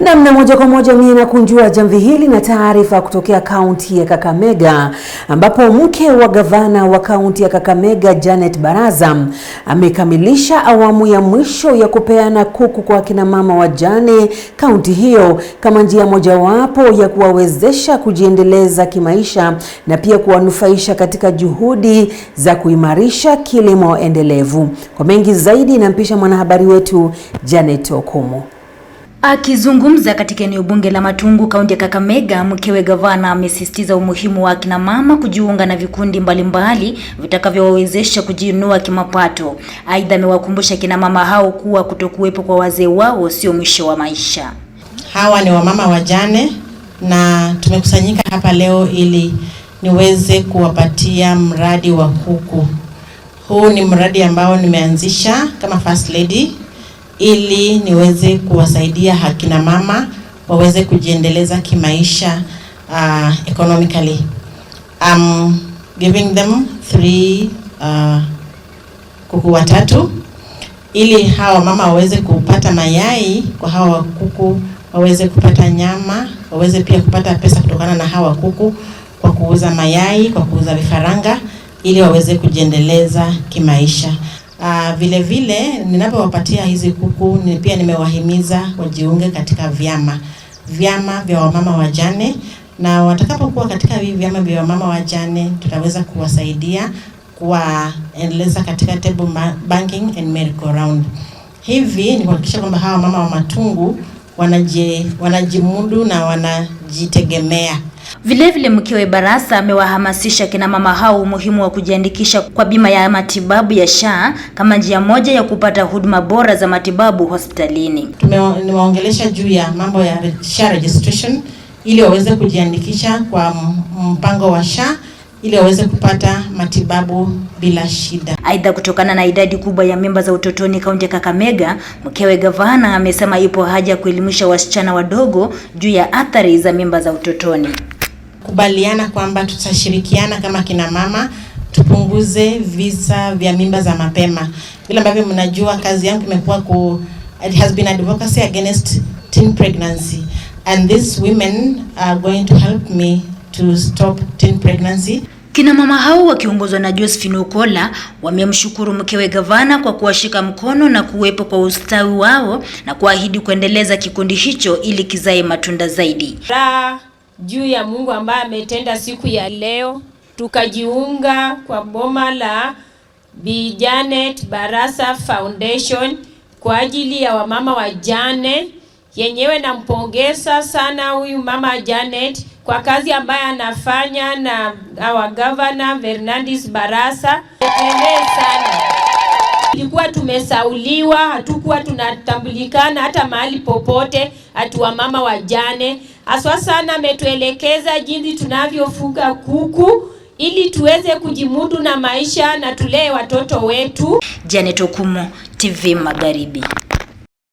Namna moja kwa moja mimi nakunjua jamvi hili na taarifa kutokea kaunti ya Kakamega ambapo mke wa gavana wa kaunti ya Kakamega Janet Baraza amekamilisha awamu ya mwisho ya kupeana kuku kwa kina mama wajane kaunti hiyo kama njia mojawapo ya kuwawezesha kujiendeleza kimaisha na pia kuwanufaisha katika juhudi za kuimarisha kilimo endelevu. Kwa mengi zaidi, nampisha mwanahabari wetu Janet Okumu. Akizungumza katika eneo bunge la Matungu, kaunti ya Kakamega, mkewe gavana amesisitiza umuhimu wa akina mama kujiunga na vikundi mbalimbali vitakavyowawezesha kujiinua kimapato. Aidha, amewakumbusha akina mama hao kuwa kutokuwepo kwa wazee wao sio mwisho wa maisha. Hawa ni wamama wajane na tumekusanyika hapa leo ili niweze kuwapatia mradi wa kuku. Huu ni mradi ambao nimeanzisha kama first lady ili niweze kuwasaidia hakina mama waweze kujiendeleza kimaisha uh, economically. I'm giving them three uh, kuku watatu ili hawa mama waweze kupata mayai kwa hawa kuku, waweze kupata nyama, waweze pia kupata pesa kutokana na hawa kuku kwa kuuza mayai, kwa kuuza vifaranga ili waweze kujiendeleza kimaisha. Aa, ah, vile vile ninapowapatia hizi kuku ni pia nimewahimiza wajiunge katika vyama vyama vya wamama wajane, na watakapokuwa katika hivi vyama vya wamama wajane tutaweza kuwasaidia kuwaendeleza katika table banking and merry go round. Hivi ni kuhakikisha kwamba hawa mama wa matungu wanaji, wanajimudu na wanajitegemea. Vilevile mkewe Barasa amewahamasisha kina mama hao umuhimu wa kujiandikisha kwa bima ya matibabu ya SHA kama njia moja ya kupata huduma bora za matibabu hospitalini. Tumewaongelesha juu ya mambo ya SHA registration ili waweze kujiandikisha kwa mpango wa SHA ili waweze kupata matibabu bila shida. Aidha, kutokana na idadi kubwa ya mimba za utotoni kaunti ya Kakamega, mkewe gavana amesema ipo haja ya kuelimisha wasichana wadogo juu ya athari za mimba za utotoni. Kubaliana kwamba tutashirikiana kama kina mama tupunguze visa vya mimba za mapema. Vile ambavyo mnajua, kazi yangu imekuwa ku it has been advocacy against teen pregnancy and these women are going to help me to stop teen pregnancy. Kina mama hao wakiongozwa na Josephine Okola wamemshukuru mkewe gavana kwa kuwashika mkono na kuwepo kwa ustawi wao na kuahidi kuendeleza kikundi hicho ili kizae matunda zaidi. Ra juu ya Mungu ambaye ametenda siku ya leo tukajiunga kwa boma la Bi Janet Barasa Foundation kwa ajili ya wamama wa jane Yenyewe nampongeza sana huyu mama Janet kwa kazi ambayo anafanya na our governor Fernandez Barasa. Tuendelee sana, tulikuwa tumesauliwa, hatukuwa tunatambulikana hata mahali popote, hatu wamama wajane haswa sana. Ametuelekeza jinsi tunavyofuga kuku ili tuweze kujimudu na maisha na tulee watoto wetu. Janet Okumo, TV Magharibi.